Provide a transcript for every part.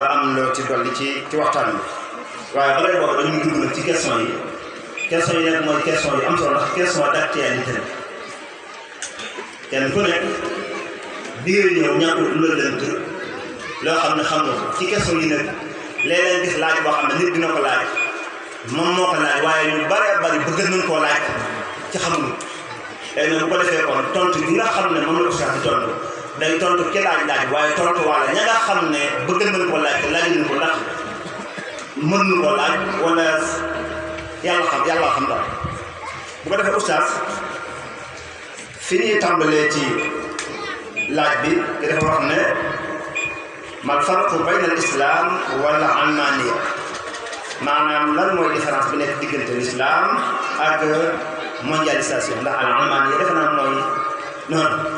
ba am ci dolli ci waxtaan bi waaye ba ngay wax dañuy dugg nag ci question yi question yi nag mooy question yu am solo ndax question d'actualité la kenn ku nekk bi ngay xam ne ci question yi nag boo xam ne nit dina ko laaj moom moo ko laaj waaye ñu bare bari bëgg nañ koo laaj ci xamuñu léegi nag bu ko defee kon tontu bi nga xam ne moom la ko saa si dañu tontu ki laaj laaj waaye tontu wala ña nga xam ne bëgg nañ ko laaj laaj nañ ko ndax mën nañ ko laaj wala yàlla xam yàlla xam daal bu ko defee oustaz fi ñuy tàmbalee ci laaj bi ki dafa wax ne mal farqu bayna al islam wala ananiya maanaam lan mooy différence bi nekk diggante l'islam ak mondialisation ndax al ananiya defe naa mooy noonu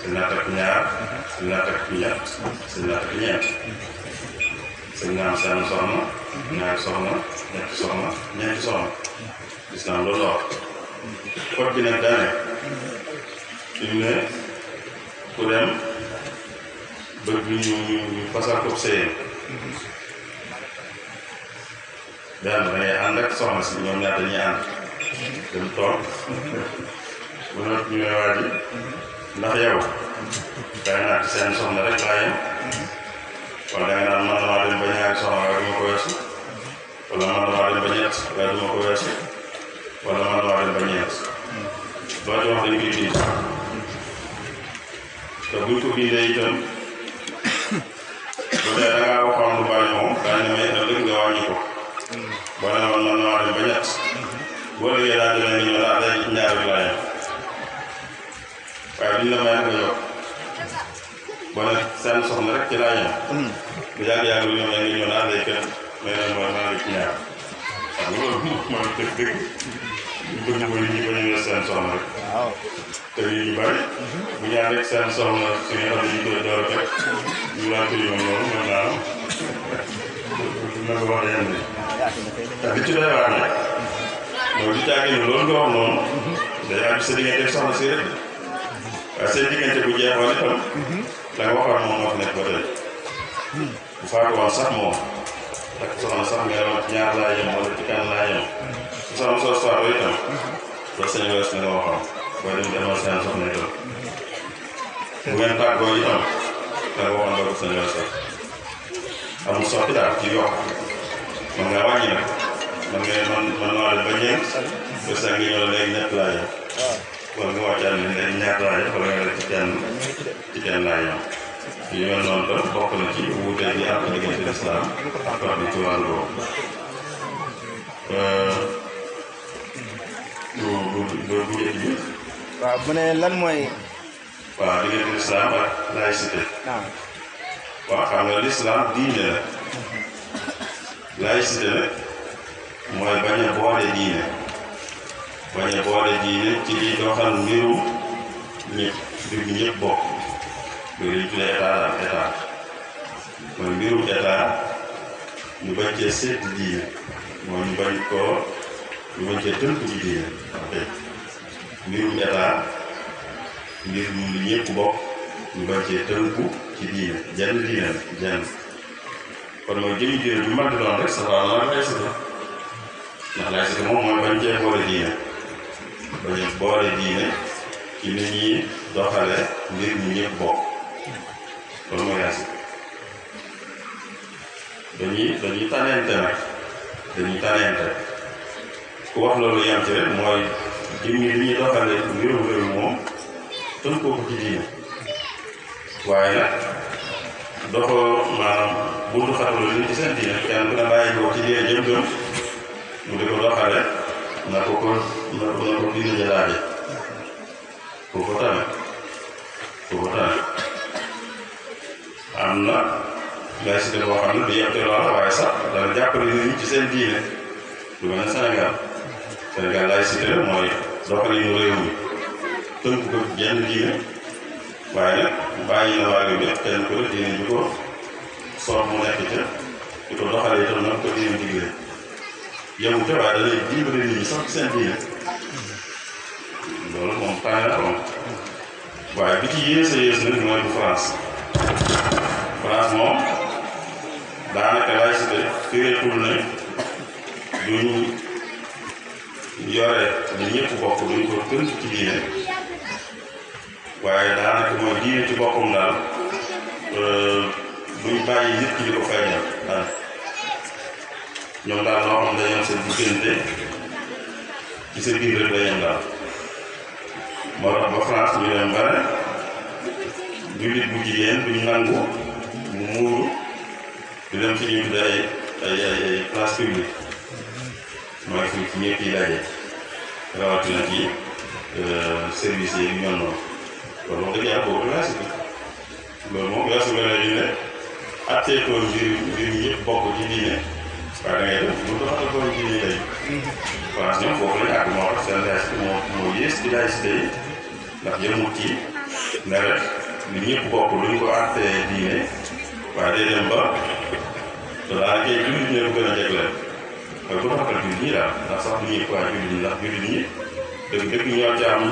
sëñ naa takk ñaar sëñ naa takk ñett sëñ naa takk ñeent sëñ naa am seen soxna ñaari soxna ñetti soxna ñeenti soxna gis naa loolu la wax code bi nag daane fi mu ne ku dem bëgg ñu ñu ñu ko sëyeen benn da ngay ànd ak si ñoom ñaar dañuy ànd dem toog mhm. bu nawet ñu ne waa ndax yow da nga naan seen soxna rek laa yem wala da nga naan man damaa dem ba ñaari soxna waaye du ma ko weesu wala man damaa dem ba ñett waaye du ma ko weesu wala man damaa dem ba ñeent loo ci wax dañ koy bind te buñ ko bindee itam seen soxna rek ci laa yem. Hmm. bu yàgg yàgg lu ñoom yaa ngi ñëw naa lay kenn mais nag mooy maa ngi ci ñaar waaw loolu mooy dëgg-dëgg. ñu bëgg mooy ñu bañ a yor seen soxna rek. waaw te ñu bari. bu ñu ànd ak seen soxna suñu xam ne ñu koy door a fekk ñu laa tudd moom loolu mën naa am. dina ko wax yem de. te li ci doy waar nag. loolu di caagin loolu nga wax noonu. Hmm. day àgg sa diggante soxna si rek. waaye seen diggante bu jeexoon itam la nga waxoon moom moo nekk ba tey bu sax moom takk soxna sax nga yoroon ci ñaar laa yem wala ci kan laa yem su soxna itam doo sañ boo dem demal seen soxna itam bu ngeen tàggoo itam nga waxoon man nga man man naa ba ñeent te sa ngi ñëw léegi ñett laa yem wala nga wàccaat ne nga ñaar laaya wala ci kenn ci kenn noonu tam bokk na ci wuute bi am diggante lislaam ak fardu ci wàll boobu bu bu bu bu njëkk bu ne lan mooy waaw diggante lislaam ak laïcité waaw xam nga lislaam diine la laïcité nag mooy bañ a boole diine bañ a boole diine ci liy doxal mbiru mbirum mbir mu li ñëpp bokk bañ cee tënku ci diine jenn diine jenn kon mooy jëmi diine bi mag doon rek sa wàll laaj laïcité ndax laïcité moom mooy bañ cee boole diine bañ a boole diine ci ni ñuy doxale mbir mi ñëpp bokk loolu mooy asi dañuy dañuy tanente nag dañuy tanente ku wax loolu yam rek mooy jëmmi li ñuy doxale mbirum réew moom tënkoo ko ci diine waaye nag doxoo maanaam buntu xatul li ci seen diine kenn ku ne bàyyi ko ci diine jëm-jëm mu di ko doxale na ko ko na ko na ko ɓiɗo ñalaaɗe ko fotan ko fotan am na laïcité boo xam ne du yebtelo la waaye sax dana jàppale nit ñi ci seen diine lu mel ne Sénégal Sénégal laïcité mooy doxalinu réew mi tënk ko jenn diine waaye nag bàyyi waa réew mi kenn ko diine ñu ko soor mu nekk ca di ko doxalee itam nag ko diine digle yemu te waaye danay dimbali nit ñi sax seen diine parão, vai pedir esse né, não é do Flas. Flas moom daanaka laay si de fireetul ne duñ yore ni ñëpp bokk duñ ko tënk ci diine waaye daanaka mooy diine ci boppam daal duñ bàyyi nit ki di ko feeñal daal ñoom daal noo xam ne dañoo seen diggante ci seen biir rek dañuy daal moo tax ba France ñu dem ba ne jullit bu jigéen duñ nangu mu muuru di dem ci ñuy tuddee ay ay ay place publique mooy fi fi yi daje rawatina ci euh, service yi ñu ñoon loolu wax dëgg yàlla boobu laa si loolu moom yaa si mel ne ñu ne attee tool mbir mbir ñëpp bokk ci diine waaye da ngay def mënut a wax ak tool diine tey mm-hmm. France ñoom foofu lañ àgg moo tax seen laïcité moo moo yées ci laïcité yi ndax jëmut ci ne rek li ñëpp bokk lu ñu ko àttee diine waaye day dem ba danaa cay jullit ñi ko gën a jagleel mooy bu taxawal jullit ñi daal ndax sax du ñëpp waaye jullit ñi ndax jullit ñi dëgg-dëgg ñoo ci am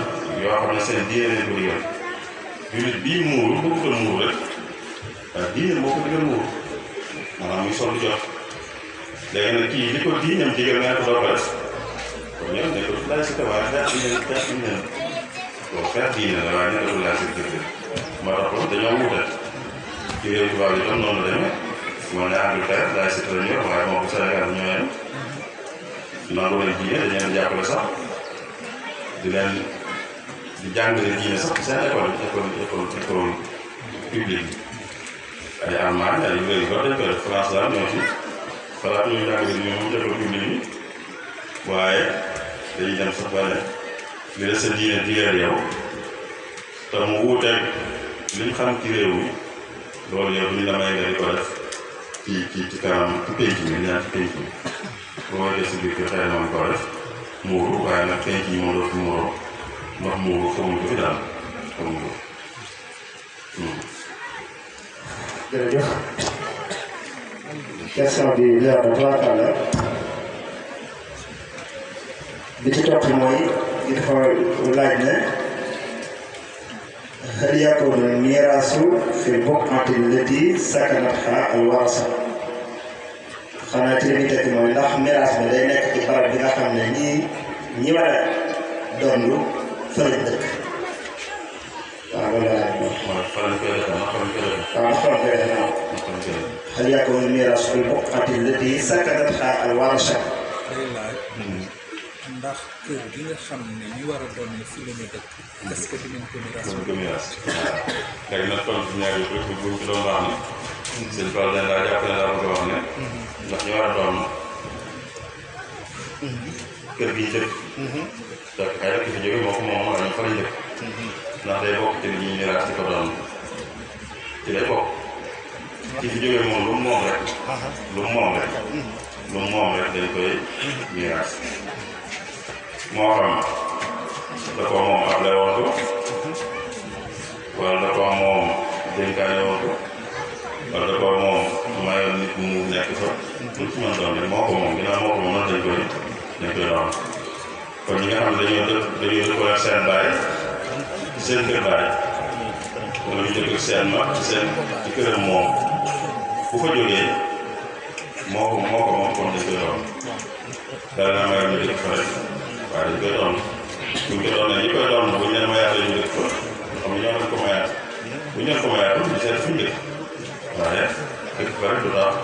yoo xam ne seen diine lañ ko digal jullit bii diine moo ko digal muuru maanaam muy sol jot léegi nag kii li ko diineem digal nga ko doo ko def ne ko laaj si te waaye daa am leen daa am leen loolu xeex diine la waaye nekkul laa seen jëkkër moo tax kon dañoo wuute ci réew tubaab yi tam noonu la demee moo ne Angleterre laay si la ñor waaye moo ko Sénégal ñoo yem nangu leen diine dañu leen jàppale sax di leen di jàngale diine sax seen école école école école publique ay Allemagne ay réew yu bëri dañ France daal ñoo ci xalaat ñuy jàngale ñoom école publique yi waaye dañuy dem sax ba ne li la sa diine digal yow te mu wuuteeg liñ xam ci réew mi loolu yow duñ la nga di ko def ci ci kanam ci penc mi ñaar ci penc mi boo dee si biir kër xëy na ko def muuru waaye nag penc yi moo dootul muuru ndax muuru bi ci topp mooy. il faut laaj ne hal yakunu miraasu fi buqati lati sakanatha al warasa xanaa ci li ñu tekki mooy ndax miraas bi day nekk ci barab bi nga xam ne ñii ñi war a dondu fa lañ dëkk waaw loolu laa leen wax. waaw fa lañ koy defee ndax fa lañ koy defee. waaw ndax fa lañ koy defee waaw. hal yakunu miraasu fi buqati lati sakanatha al warasa ndax kër gi nga xam ne ñi war a doon ne fi ñu dëkk. gi ñu dëkk. lu mu moom dañ koy miiraas. moo xam da ko moom xamle woon ko wala moom dénkaane woon ko wala moom mayoon nit mu nekk fa lu ci mën doon rek moo ko moom ginnaaw xam ne dañoo def dañoo dëkkoon seen baay seen baay wala seen mag ci seen fa jógee moo ko moo ko moom kon dañ koy doon daal naa waaw dañ koy doon buñ ko doon ñi koy doon buñ leen mayaat lañu dëkk fa xam ne ko mayaat buñ leen ko mayaat ñu seet fuñ dëkk waaye dëkk fa rek du tax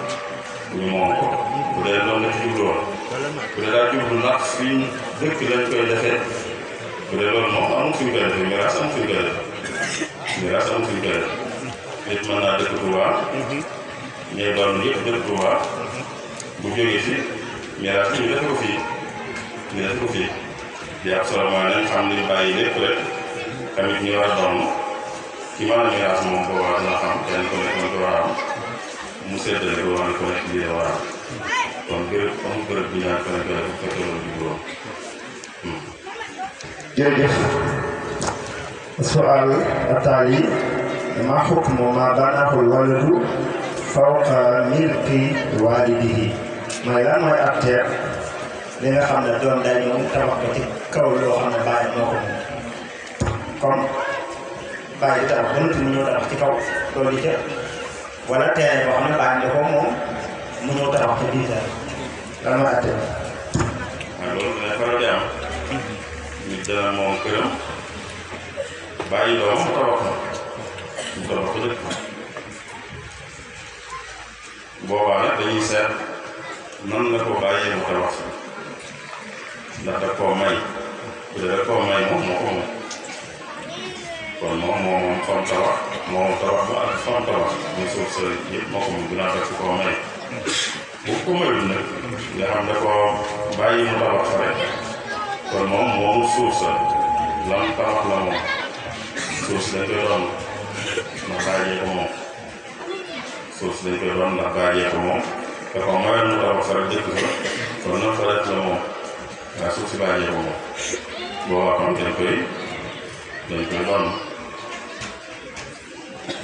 moom ko bu dee loolu la ci jubluwoon bu dee daal jublu ndax fii dëkk lañ koy defee bu dee loolu moom amul fuñ koy defee miraas amul fuñ koy defee miraas amul fuñ koy defee nit mën naa dëkk Tuubaa ñuy doon yëpp dëkk Tuubaa bu jógee si miraas ñu def ko fii ñu def ko fii di absolamaane xam li bàyyi lépp rek tamit ñu war a doon ci maanaam miraas moom ko war na xam kenn ku nekk na ko war a am mu seddale ko man ko nekk lii war a am kon béréb amul béréb bi ñaan ko nekk rek bu fekkee loolu jubloo jërëjëf sual ataali ma xukmu ma banaahu waladu fawqa milki waalidihi mooy lan mooy atteer li nga xam ne doom day ñëw tabax ko ci kaw loo xam ne bàyyi moo ko moom comme bàyyi tabax ba noppi mu ñëw tabax ci kaw loolu ca wala terrain boo xam ne bàyyi ko moom mu ñëw tabax ci di am ah. nit ko mu tabax ko dëkk ko bàyyee mu tabax ndax daf koo may bu dee daf koo may moom moo ko may kon moom moo moom fam tabax moom tabax ba ak fam tabax muy suuf sa moo ko moom ginnaaw daf koo may bu ko mayul nag nga xam ne koo bàyyi mu tabax fa kon moom moomu suuf sa lam tabax la moom suuf si dañ doon ndax bàyyee ko moom suuf si dañ doon ndax bàyyee ko moom te ko mayoon mu tabax fa rek dëkk kon nag fa rek la moom ndax suuf si bàyyee ko moom boobaa kon dañ koy dañ koy noonu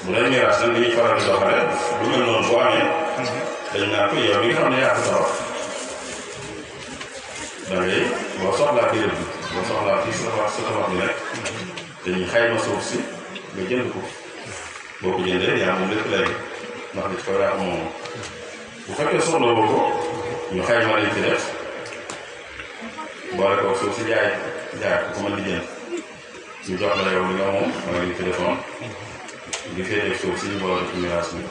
bu dee miraas nag li ñuy faral di doxale bu mel noonu boo amee dañ naa ko yow li nga xam ne yaa ko boo soxlaa béréb bi boo soxlaa fii sa tabax sa tabax bi nekk dañuy xayma suuf si nga jënd ko boo ko jëndee yaa moom lépp léegi ndax li ci ko yaa ko moom bu fekkee soxla boo ko ñu xayma lañ ci def boole ko suuf si jaay jaay ku ko mën di jënd ñu jox la yow li nga moom wala li téléphone li féetee suuf si ñu boole ci miraas mi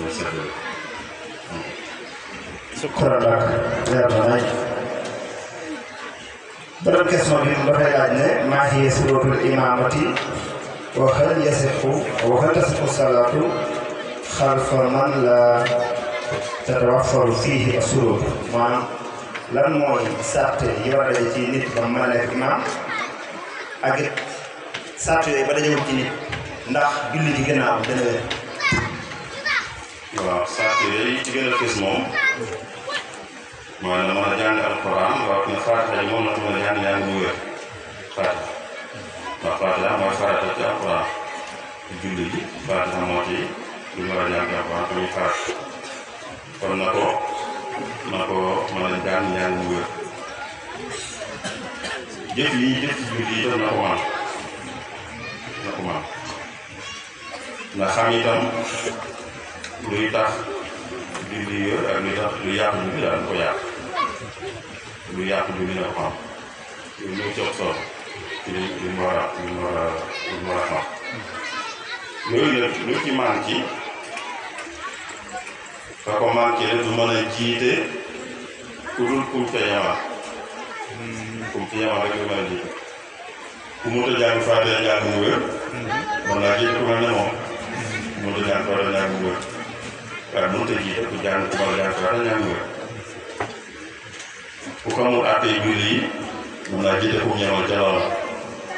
ñu seetlu sukkural ak leer na nañ beneen question bi dafay laaj ne maa hiya sifatul imaamati wa hal yasixu wa hal tasixu salaatu xalfa man la tatawaffaru fiihi assurur maanaam lan mooy sart yi war ci nit ba mën a nekk imaam ak it ba dajewul ci nit ndax julli ci gannaaw dana wér. waaw sart yooyu ci gën a moom mooy la mën a jàng alquran waaw na faatiha ji moom la mën a jàng yaa ngi wér faatiha ndax faatiha mooy farata ci alquran julli na ko. mën a koo mën a daan ñaan mu wér jëf yi jëf ci jullit yi tam na ko man na ko man ndax xam itam luy tax julli wér ak luy tax luy yàq julli daal ko yàq lu yàq julli na ko xam yooyu ñëw coog ci li ci ka ko manqué du mën a jiite ku dul kum ca kum ca yamal rek mën a jiite ku mënut a jàng fàtte njàng mu wér mën naa jiite ku mel ne hmm. ku mënut a jàng fàtte njàng mu wér waaye mënut a jiite a jàng mu wér ku xamul àtte yu julli mën naa jiite ku ñamal ca loola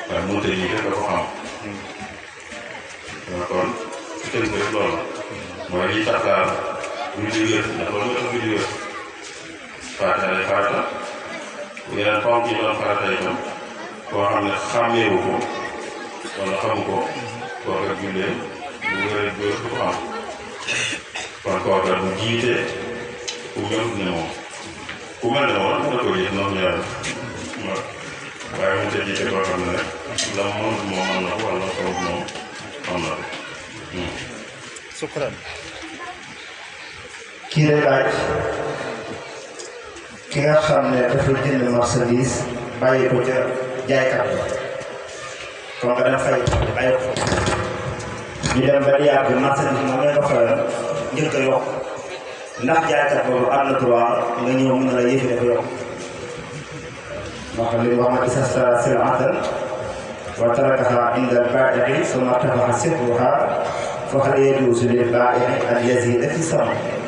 waaye mënut a jiite ka ko xam hmm. kon su tënk rek loolu hmm. mooy lii tax daal ñu julli ndax loolu moo tax ñu julli farata lay farata yeneen ponk yi doon farata itam koo xam ne xàmmeewu ko wala xamu ko kooka jullee bu wér ak wér du ko am kon kooka bu jiitee ku jot ne moom ku mel ne moom mën na ko jiit noonu ñaar waaye mu te jiite koo xam ne rek la moom moom mën na ko wala xaw moom am na ko. sukkuraan. ki la laaj ki nga xam ne dafa jënd marchandise bàyyi ko ca jaaykat ba kon nga dem fay bàyyi ko ñu dem ba yàgg marchandise moom nga fayoon njëkk a yokk ndax jaaykat boobu am na droit nga ñëw mën na la yëfi dafa yokk moo xam ne wax na istashtara sil'atan wa tarakahaa inda al-baa'i'i thumma irtafa'a sirruhaa faqad yajuuzu lil-baa'i'i an yaziida fi sam'i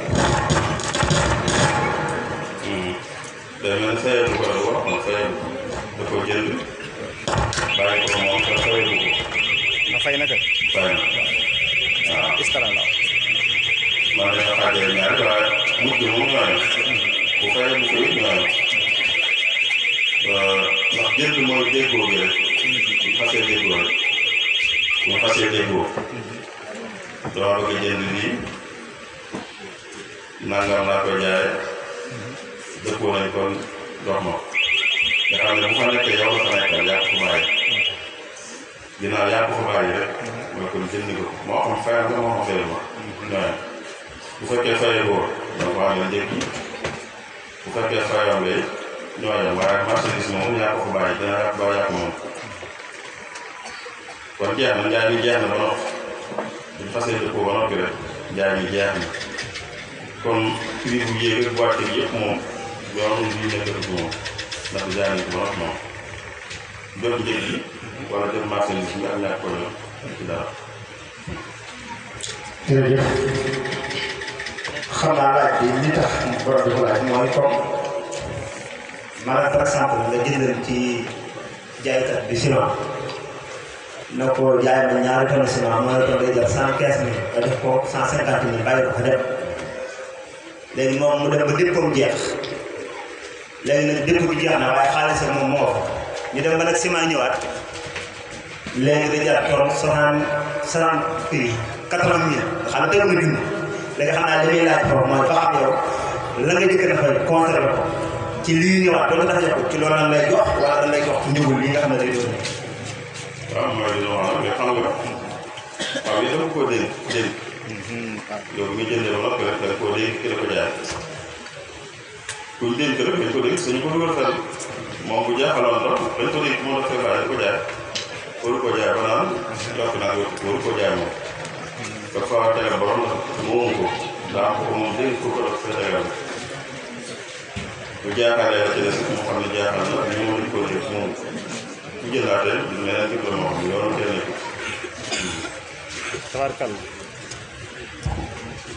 day mel ne sayal ko la wax ma sayal da ko jënd bàyyi ko moom te sayalu ko. ma na kat. fay na waaw. istara la. maa ngi leen xaajale mujj moom laa def bu fayalu ko it laa def ndax jënd mooy déggoo bi rek bu xasee déggoo rek bu xasee déggoo. dama bëgg jënd lii. nangam laa koy jaayee dëppoo nañ kon jox ma nga xam ne bu fa nekkee yow la fa nekkal yaa ko fa bàyyi ginnaaw yaa ko fa bàyyi rek mooy kon jënd ko moo xam fayal nga moo xam fayal ma waaye bu fekkee fayal ko donc waa nga njëkk bu fekkee fayal ngay ñoo yem waaye marchandise yaa ko fa bàyyi dina yaa ko bàyyi yaa ko moom kon jeex na njaay mi jeex na ba noppi bu ñu xasee dëppoo ba noppi kon prix bu yéeg bu wàcce bi yëpp moom yoonu ñu nekk ci moom ndax jaay nañ ko moom jot njëg yi xam naa laaj bi li tax borom bi ko laaj mooy comme maanaam par exemple nga jëndal ci jaaykat bi ciment na ko jaay ma ñaari tonne ciment ma ne ko day jar cent quinze mille nga def ko cent cinquante mille bàyyi ko fa léegi moom mu dem ba déppam jeex léegi nag dépp jeex na waaye xaalis moom moo fa ñu dem ba nag ciment ñëwaat léegi dañuy jàpp torom soixante soixante prix quatre-vingt mille xam nga teel na dund léegi xam naa li muy laaj torom mooy la nga jëkk a nga xam ne day dund. waaw ko dégg dégg. yow mi jëndee ba noppi nag koo dénk ki la ko ko jaay waru ko jaay ba naan yokk la moom dénk ko ko dafa tegal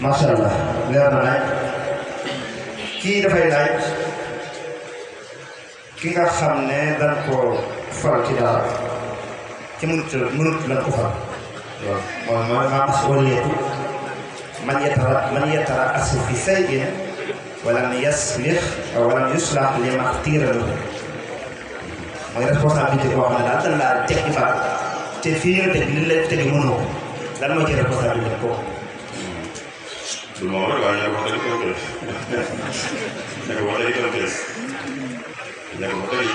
ما شاء الله لأن أنا كيف في لايت كيف خامنة دنكو فر كده كم منت منت دنكو فر ما ما ما مسؤولية من يترى من يترى أسف في سيدنا ولم يسلخ أو ولم يسلخ لما اختير له ما يرفع سامي تقوى من الله تكفى تفير تجلل تجمنه لأنه يرفع سامي تقوى du ma war waaye ñàkk wax dëgg ko def ñàkk wax dëgg ko def ñàkk wax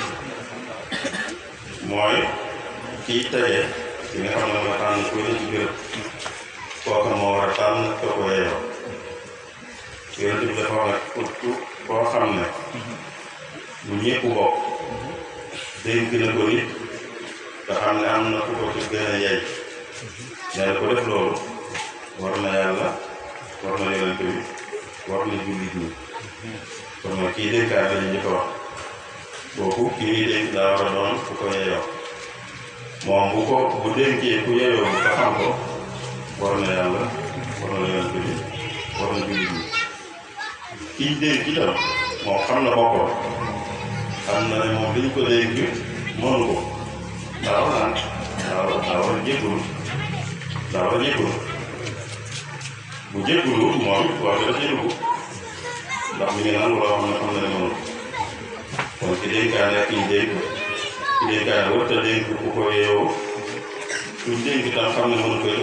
dëgg mooy kii teye ki nga xam ne ma tànn ne ci béréb kooku moo war a tànn ko ne uttu koo xam ne bu ñëpp bokk dénk na ko nit nga xam ne am na ku ko ci gën a yey ne ko def loolu war na yàlla war na yonent bi war na jullit ñi kon kii dénkaat lañu ñu ko wax kii ñuy dénk daa war a doon ku ko yeyoo bu ko bu ku yeyoo bu ko ko war na yàlla war na yonent bi war na jullit ñi kii dénk itam na boppam xam na ne moom liñ ko dénk mënu ko daaw naan daaw daaw war a jébbalu daaw war bu jégaluwul moom waa bi dafa jégalu ndax mi ngi naan lu la wax xam ne moom kon ki dénkaane ak ki ki dénkaane warut a dénk ku ko yeewoo suñ dénk tam xam ne mënu koy def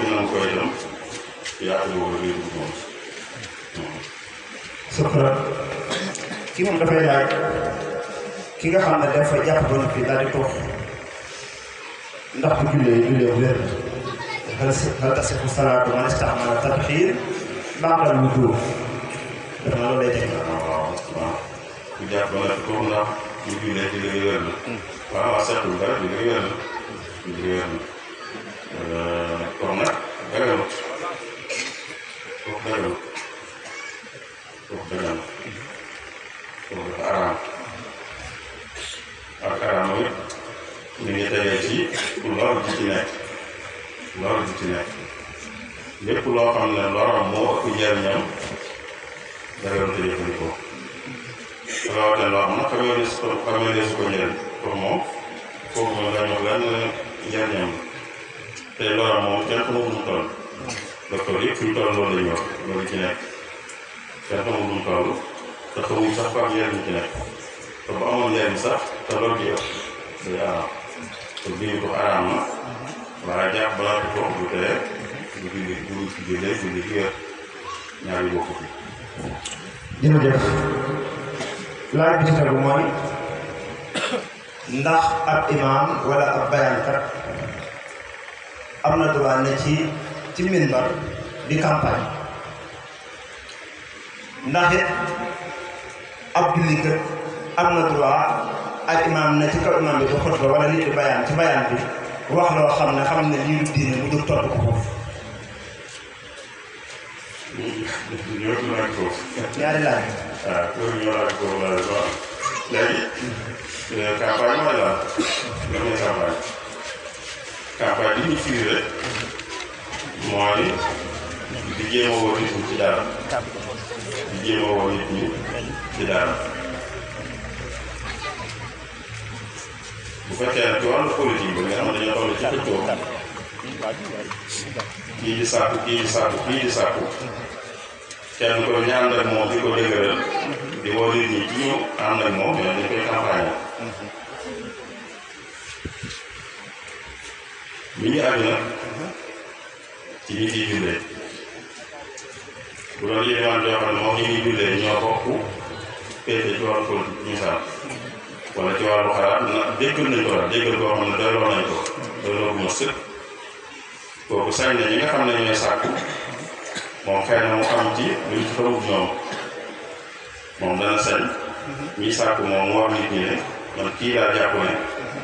ki nangu koy dem yaa ngi moom. sukuraat kii moom dafay laaj ki nga xam ne dafa jàpp ba noppi daal di toog ndax bu jullee jullee bu wér hal hal tasihu salaatu man istahmala tadxiir ba'dal wudu dama loolu lay def ah, waaw waaw ku jàpp ba noppi toog ndax bu jullee jullee bi wér na hmm. ah, waaw waaw seetlu dara jullee bi wér na jullee bi wér na euh, lépp loo xam ne loram moo ëpp njariñam dagan te jëfandikoo rawatina loo xam ne xamee su ko xamee ne su ko njëriñ pour moom foofu moom dañoo lan njariñam te loram moom kenn xamul nu toll docteur yëpp ñu toll loolu wax loolu ci nekk kenn xamul nu toll te sax fa ci nekk te bu amoon sax te loolu day te bii ko na waaye jàpp balaa ko tee bu ndax ab imaam wala ab bayaankat am na droit ne ci ci minbar di campagne ndax it ab jullit am na droit ak imaam ne ci kaw imaam bi di xutba wala nit bayaan ci bayaan bi wax loo xam ne xam ne lii du diine mu jóg topp ko ñëwatu naa ko foofu. ñaari laaj. waaw loolu ñëw naa mooy lan. loolu mooy campagne. campagne li ñu firi mooy di jéem a woo nit ñi di jéem a woo nit ñi bu fekkee nag ci wàllu politique bi nga xam ne dañoo toll kii di sàkku kii di sàkku kii di sàkku kenn ko ñu ànd ak moom di ko dëgëral di woo ñi ci ñu ànd ak moom ñu koy campagne bi ñu àgg na ci ñi ciy jullee bu doon limaan moom ñi ñuy jullee ñoo bokk péete ci wàllu ko misaal wala ci wàllu xalaat na déggal nañ ko daal déggal xam ne doyloo nañ ko doyloo bu ma sëkk kooku sañ na ñi nga xam ne ñooy sàkku moom xëy na mu xam ci lu ñu xamul ñoom moom dana sañ ñi sàkku moom mu wax nit ñi ne man kii laa jàpp ne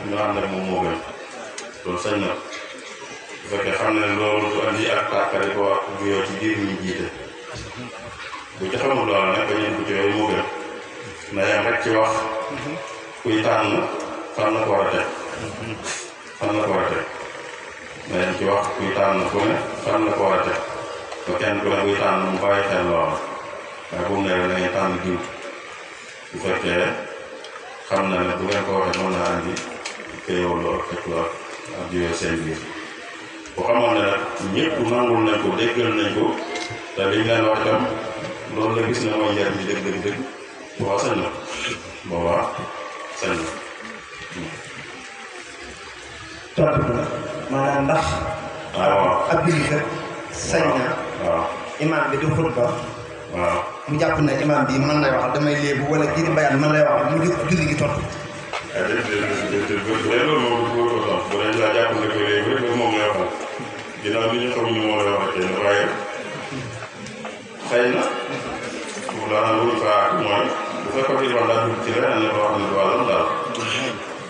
ñu am ne moom moo loolu sañ na bu fekkee xam ne loolu du andi ak tàkkale ko wax bu yoo ci biir bu ci xamul loolu nag bañeen bu ci yooyu moo gën na ci wax kuy tànn fan la ko war a teg ko war danañ ci wax kuy tànn ku ne fan la ko war a teg kenn ku ne buy tànn mu bàyyi xel loola waaye bu xam na ne ko nag ñëpp nangul nañ ko déggal nañ ko te liñ leen wax itam loolu la gis ne mooy njariñ dëgg dëgg boo sañ la boobaa sañ la. maanaam ndax. waaw ab jullit rek sañ na. waaw imaam bi du xutba. waaw mu jàpp ne imaam bi man lay wax damay léebu wala kii di bayaan man lay wax mu jub julli gi toll. ah déedéet loolu moom bu dee daa jàpp ne ko léegi rek moom lay waxal ginnaaw nit ñi xamuñu moom lay waxal kenn waaye xëy na pour daanaka lu ñu faa mooy bu fekkoon ci wax daa dugg ci leneen la boo xam ne du wàllam daal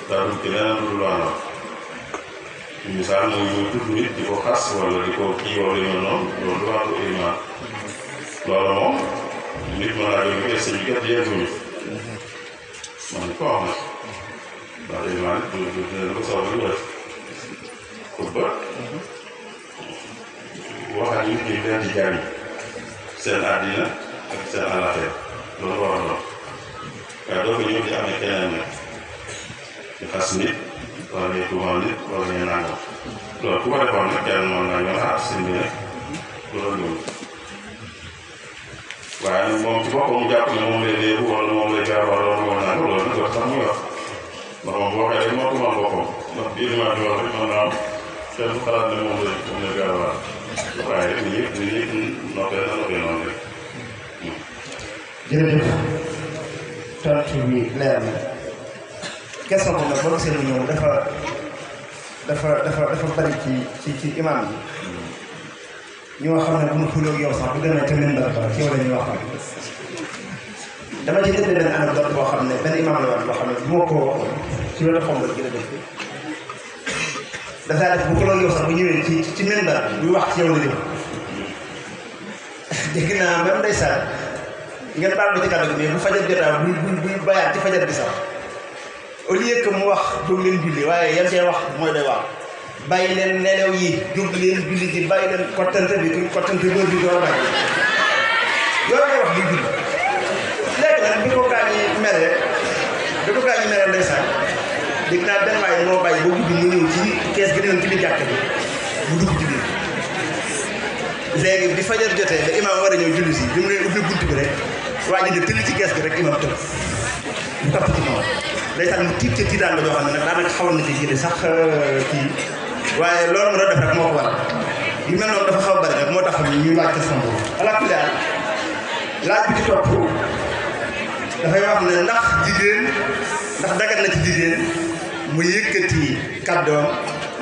daa dugg ci leneen du dul wàllam misaal mooy ñu tudd nit di ko xas wala di ko kii wala yu mel noonu loolu du baatu ilimaan loolu moom nit mën naa doon kese bi kat yeetuñu man ko wax nag ndax ilimaan du du dina ko soxla lu def pour ba waxaat nit ñi leen di jariñ seen àddina seen àllaaxira loolu waroon na waaye doo ko di amee keneen nag di xas nit. wala ñuy tuumal nit wala ñuy nangam loolu ku ko defoon nag kenn mën naa ñëw ah sëñ bi nag waaye nag moom ci boppam mu jàpp ne moom lay léebu wala moom lay gaar wala moom lay nangam loolu nag loolu sax muy wax moom boo waxee rek moo tuumal boppam ndax biir maa ñu wax rek mën naa am kenn du xalaat ne moom lay moom lay gaar wala waaye nit ñëpp nit ñëpp noppee na noppee noonu rek jërëjëf tontu question boobu nag boo gisee mu defar dafa dafa ci ci ci imaam yi xam ne bu ñu xuloo yow sax bu la ñuy wax dama ci déglu benn anecdote boo xam ne benn imaam la woon boo xam ne bu ma ko waxoon ci loolu xaw ma gën a def dafa def bu xuloo yow sax bu ñëwee ci ci minbar bi wax ci yow la jëm dégg naa même ci kàddu gi mais bu fajar jotaa bu bu bu bayaat ci bi sax. au lieu mu wax jóg leen julli waaye yam cee wax mooy day wax bàyyi leen nelew yi jóg leen julli ci bàyyi leen kottante bi kuñ kottante bër bi door bàyyi yoo wax di julli léegi nag bi ko bi ko gaa fajar jotee ba imaam war a ñëw julli si bi mu leen bunt bi rek waa ji di tëll ci kees gi rek imaam tëll ndeysaan mu tiit ca tiitaan ba joo xam ne nag daanaka xawoon na ci jële sax euh, kii waaye loolu mu doon moo ko waral yu mel noonu dafa xaw a bëri rek moo tax ñu laaj question boobu alaaka daal laaj bi ci topp dafay wax ne ndax jigéen ndax dagat na ci jigéen mu yëkkati kàddoom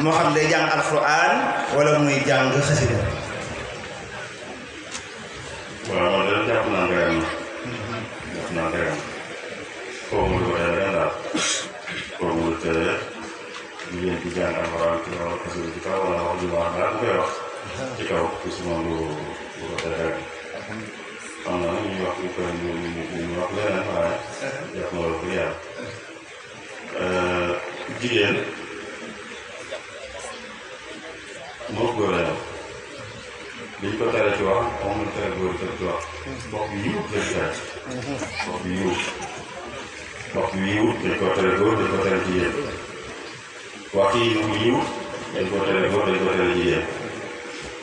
moo xam day jàng alquran wala muy jàng xasida jigéen ki jaar alxuraan ci wala xasida ci kaw wala wax ju baax daal koy wax ci lu lu ko tey rek xam na nag ñuy wax ñu koy ñu ñu wax leneen waaye def na loolu ko yàlla jigéen moo góor a yow liñ ko tere ci wax moom la tere wax yi bu yiw dañ ko tere góor dañ ko tere jigéen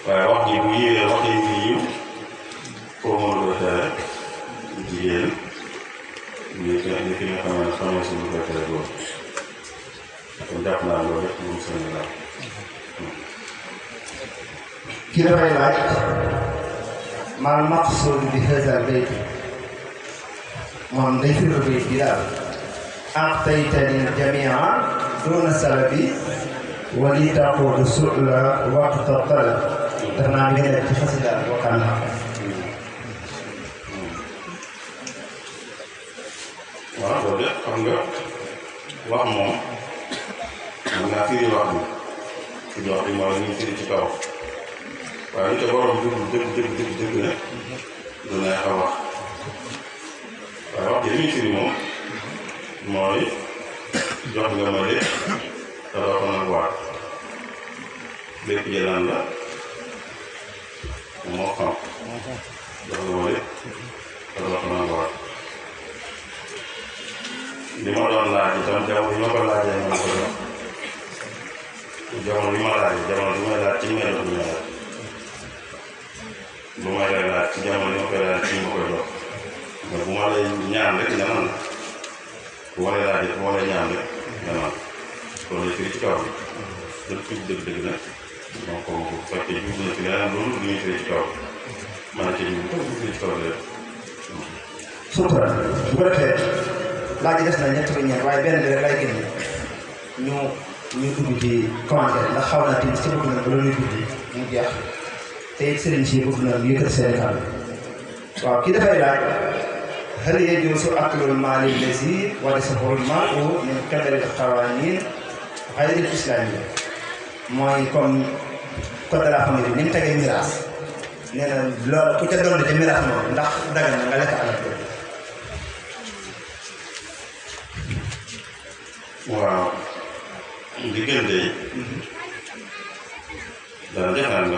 waaye wax ji bu yiwee wax yi bu yiw koo mënu ko tere jigéen ni ni ki nga xam ne xamee suñu ko tere góor kon jàpp naa loolu rek moom Sénégal ki dafay laaj maa maqsuud bi haazal bayt moom day firi bayt bi daal aqtaytani jamia duuna salafi wali taqudu su'la waqta talab def naa mi ngi nekk ci xasida wakkaan naa ko waaw loolu de xam nga wax moom mën naa firi wax bi firi wax bi mooy li ñu firi ci kaw waaye lu ca borom dugg dëgg dëgg dëgg dëgg nag du neex a wax waaye wax ji li ñuy firi moom mooy jox nga ma lépp te doo lépp jëlaan la moo xam jox nga ma lépp te doo li ma doon laaj itam jamono bi ma ko laajee ma ko jox jamono bi ma laaj jamono bi may ma koy laaj ci ma koy jox bu ma lay ñaan rek ñaanal bu ma lay laaj bu ma lay ñaan rek dana mat loolu la firi ci kaw bi dëgg ci dëgg-dëgg nag moo ko bu fekkee jub na ci leneen loolu li ñuy firi ci kaw bi maanaam ci ñu ko firi ci kaw bi rek suukara bu ko defee laaj yi des na ñett ba ñeent waaye benn bi rek lay génn ñu ñu dugg ci commentaire ndax xaw naa tamit si bëgg na ba loolu ñuy dugg mu jeex te it sëriñ si bëgg na yëkkati seen kàddu waaw ki dafay laaj هل يجوز أكل المال الذي ورثه الماء من قبل القوانين غير الإسلامية؟ ما يكون كتلة خمير من تجي ميراث؟ نحن لا كتلة دولة تجي ميراث ما ندخ دعنا نقول لك على طول. واو ديجن دي دانجا نعم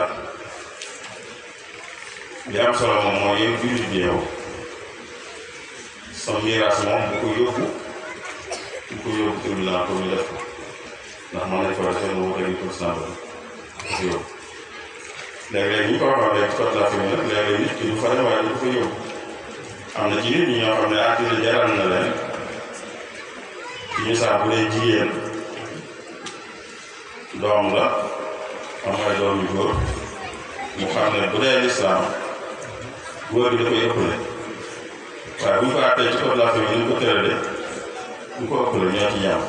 يا سلام مويه فيديو sama miraas moom bu ko yóbbu bu ko yóbbu tribunal pour ñu def ko ndax mën nañ ko defee lu wute ni pourcent ba ñu ko waxoon rek code la famille nag léeg nit ki du fa dem waaye du ko yóbbu am na ci nit ñi ñoo xam ne àddina jaral na leen ci misaal bu dee jigéen doom la am ay doom yu góor mu xam ne bu dee lislaam góor bi da koy waaye bu ñu ko àttee ci code la famille ni ñu ko tëralee ñu ko ëppale ñoo ci ñaam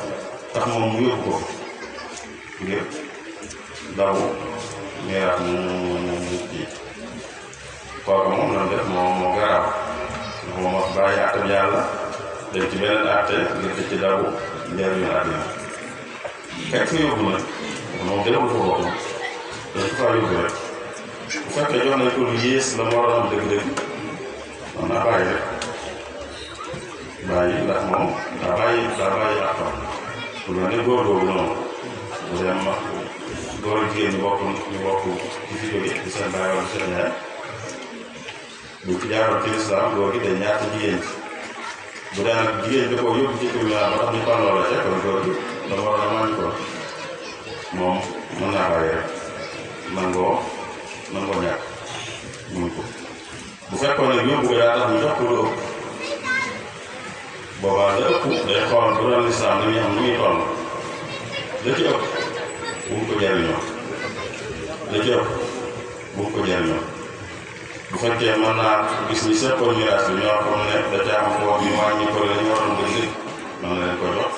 tax moom mu yóbbu ko ngir daw meeraat mu mu mu mu kii kooku moom lan def moo moo garaaw ndax moom moo bàyyi àttam yàlla dem ci beneen àtte ngir di ci daw njëriñu àddina kañ ko yóbbu nag moom demul fa boppam dañ ko faa yóbbu rek bu fekkee jox nañ ko lu yées la moo war a am dëgg-dëgg mën naa bàyyi rek bàyyi ndax moom daa bàyyi daa bàyyi àttam ku mel ne góor boobu noonu mu dem mag góor jigéen ñu bokk ñu bokk ci fi jóge ci seen bàyyi wala seen yaay bu fi jaaroon ci lislaam góor gi day ñaata jigéen ci bu daan jigéen da koo yóbbu ci tribunal ba tax ñu a màññ ko moom mën naa bàyyi rek nangoo nangoo ñàkk muñ ko bu fekkoon ne yóbbu ko daa tax ñu jox boobaa la ëpp day xoolal ba doon lislaam li muy xam ni muy toll la ëpp bu mu ko jariñoo la ëpp bu mu ko jariñoo bu fekkee mën naa gis ni seppoon miraas bi ñoo xam ne da am na ko jox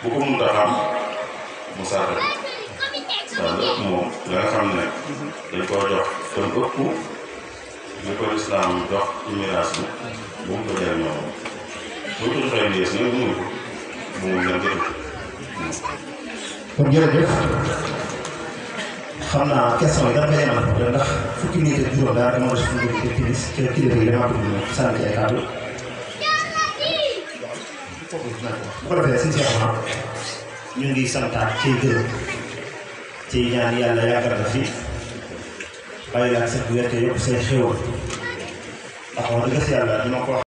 bu ko mun a xam mu saata waaw la ëpp moom la xam ne dañ koo jox te ëpp li ko lislaam jox ci miraas bi bu mu ko jariñoo bu ñu defee liggéey si ñoom mënuñu ko kon jërëjëf xam naa question yi dara day amal ndax fukki minute ak juróom daal dama def lu ci kii ci kilifa yi damaa tudd ñoom sànni ci ay kàddu bu ko defee suñu ngi santaat ci gërëm ci ñaan yàlla yàggal la fi bàyyi la ak sa wér te yokk say xéwal ndax wax dëgg yàlla dina ko wax